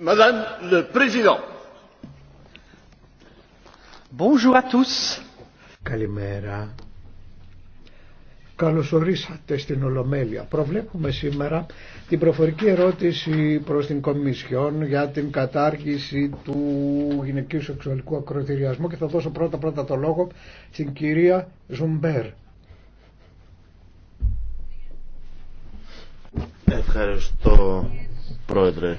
Madame le Président. Bonjour à tous. Καλημέρα. Καλωσορίσατε στην Ολομέλεια. Προβλέπουμε σήμερα την προφορική ερώτηση προς την Κομισιόν για την κατάργηση του γυναικείου σεξουαλικού ακροτηριασμού και θα δώσω πρώτα πρώτα το λόγο στην κυρία Ζουμπέρ. Ευχαριστώ Πρόεδρε.